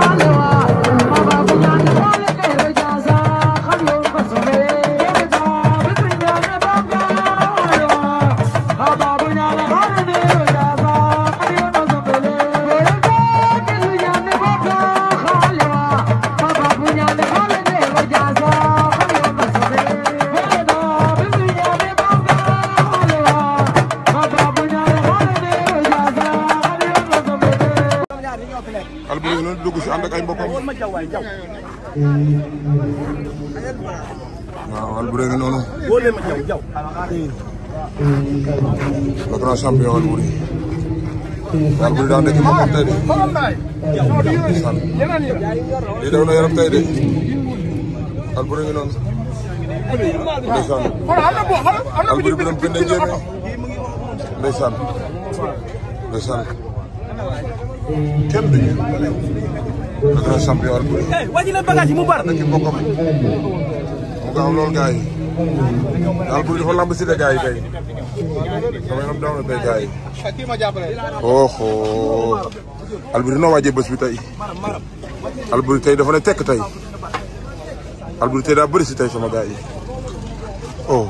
I know. Alboury yi noonu dugg si ànd ak ay mbokkam waaw Alboury yi noonu le grand champion Alboury Alboury daan nekk mbokkam tey de lii daw na yaram tey de Alboury yi noonu ndeysaan Alboury bi doon bindee njéeme ndeysaan ndeysaan kenn du ñu. le grand champion al eh, bëri. mu bar. mu gaaw lool gars yi. al lamb si de gars yi tey. sama yoon daaw na tey gars yi. oho. Oh. al bëri noo waajee bés bi tey. al bëri dafa ne tekk tey. al bëri daa bëri si tey sama gars oh.